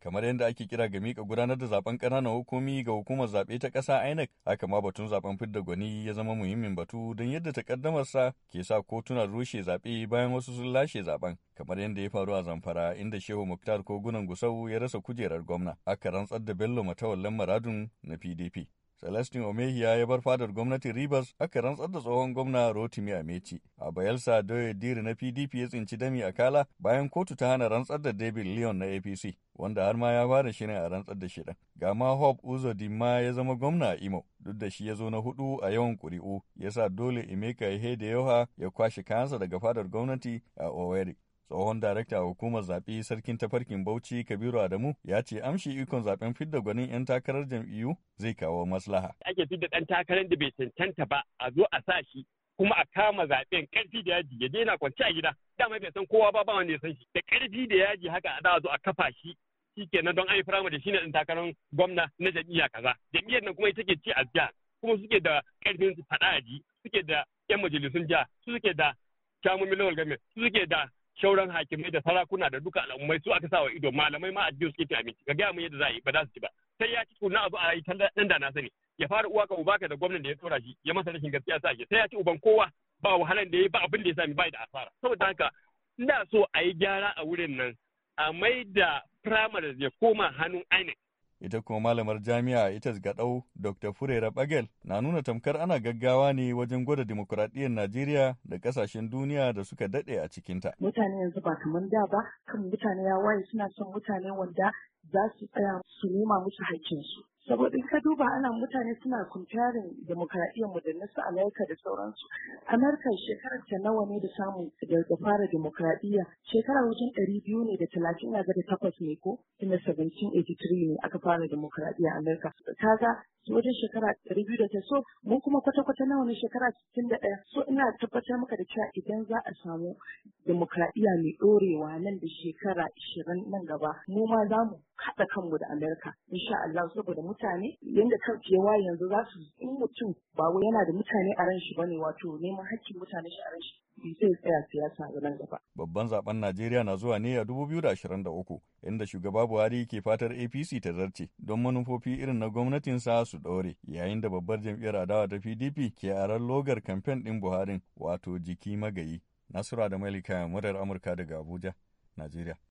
kamar yadda ake kira ga mika gudanar da zaben ƙananan hukumi ga hukumar zaɓe ta ƙasa INEC haka ma batun zaben fidda gwani ya zama muhimmin batu don yadda takaddamarsa ke sa kotunan rushe zaɓe bayan wasu sun lashe zaben kamar yadda ya faru a Zamfara inda Shehu Muktar Kogunan Gusau ya rasa kujerar gwamna aka rantsar da Bello Matawallan Maradun na PDP Celestin omehia ya bar fadar gwamnatin Rivers aka rantsar da tsohon gwamna Rotimi Ameti. A Bayelsa Doye Diri na PDP ya tsinci dami a kala bayan kotu ta hana rantsar da David Leon na APC, wanda har ma ya fara shirin a rantsar da shi Ga ma Hope dimma ya zama gwamna a Imo, duk da shi ya zo na hudu a yawan kuri'u ya sa dole Emeka da yawa ya kwashe kayansa daga fadar gwamnati a Owerri. tsohon darakta a hukumar zaɓe sarkin tafarkin bauchi kabiru adamu ya ce amshi ikon zaɓen fidda gwanin 'yan takarar jam'iyyu zai kawo maslaha ake fidda ɗan takarar da bai cancanta ba a zo a sa shi kuma a kama zaɓen ƙarfi da yaji ya daina kwanci a gida dama bai san kowa ba ba wanda ya san shi da ƙarfi da yaji haka a zo a kafa shi shi don ayi yi firamare shi ne ɗan takarar gwamna na jam'iyya kaza jam'iyyar nan kuma ita ke ci a jiha kuma suke da ƙarfin faɗa a ji suke da 'yan majalisun jiya su suke da kyamun miliyon game su suke da shauran hakimai da sarakuna da duka al'ummai su aka sawa ido malamai ma addini suke tunani ka gaya mu yadda za a yi ba za su ci ba sai ya ci na abu a yi dan da na sani ya fara uwa ka uba ka da gwamnan da ya tsora shi ya masa rashin gaskiya sa shi sai ya ci uban kowa ba wahalan da ya ba abin da ya sami bai da asara saboda haka ina so a yi gyara a wurin nan a mai da primaries ya koma hannun INEC ita kuma malamar jami'a ita gaɗau dr furera bagel na nuna tamkar ana gaggawa ne wajen gwada dimokuraɗiyyar najeriya da ƙasashen duniya da suka daɗe a cikinta mutane yanzu ba kamar da ba kan mutane ya waye suna son mutane wanda za su tsaya su nema musu haƙƙinsu saboda ka duba ana mutane suna kuntarin demokradiyyar mu da nasu da sauransu Amerika shekarar ta nawa ne da samun daga fara demokradiyya shekara wajen ɗari biyu ne da talatin ga da takwas ne ko tunda 1783 ne aka fara demokradiyya Amerika ga wajen shekara ɗari biyu da ta so mu kuma kwata-kwata nawa ne shekara sittin da ɗaya so ina tabbatar maka da cewa idan za a samu demokradiyya mai ɗorewa nan da shekara ashirin nan gaba mu ma za mu haɗa kanmu da Amerika insha Allah saboda mutane yanda karkewa yanzu za su in mutum ba yana da mutane a ran shi bane wato neman hakkin mutane shi a ran shi Babban zaben Najeriya na zuwa ne a 2023 inda shugaba Buhari ke fatar APC ta zarce don manufofi irin na gwamnatin sa su ɗore yayin da babbar jam'iyyar adawa ta PDP ke aran logar kamfen ɗin Buharin wato jiki magayi. Nasura da Malika murar Amurka daga Abuja, Najeriya.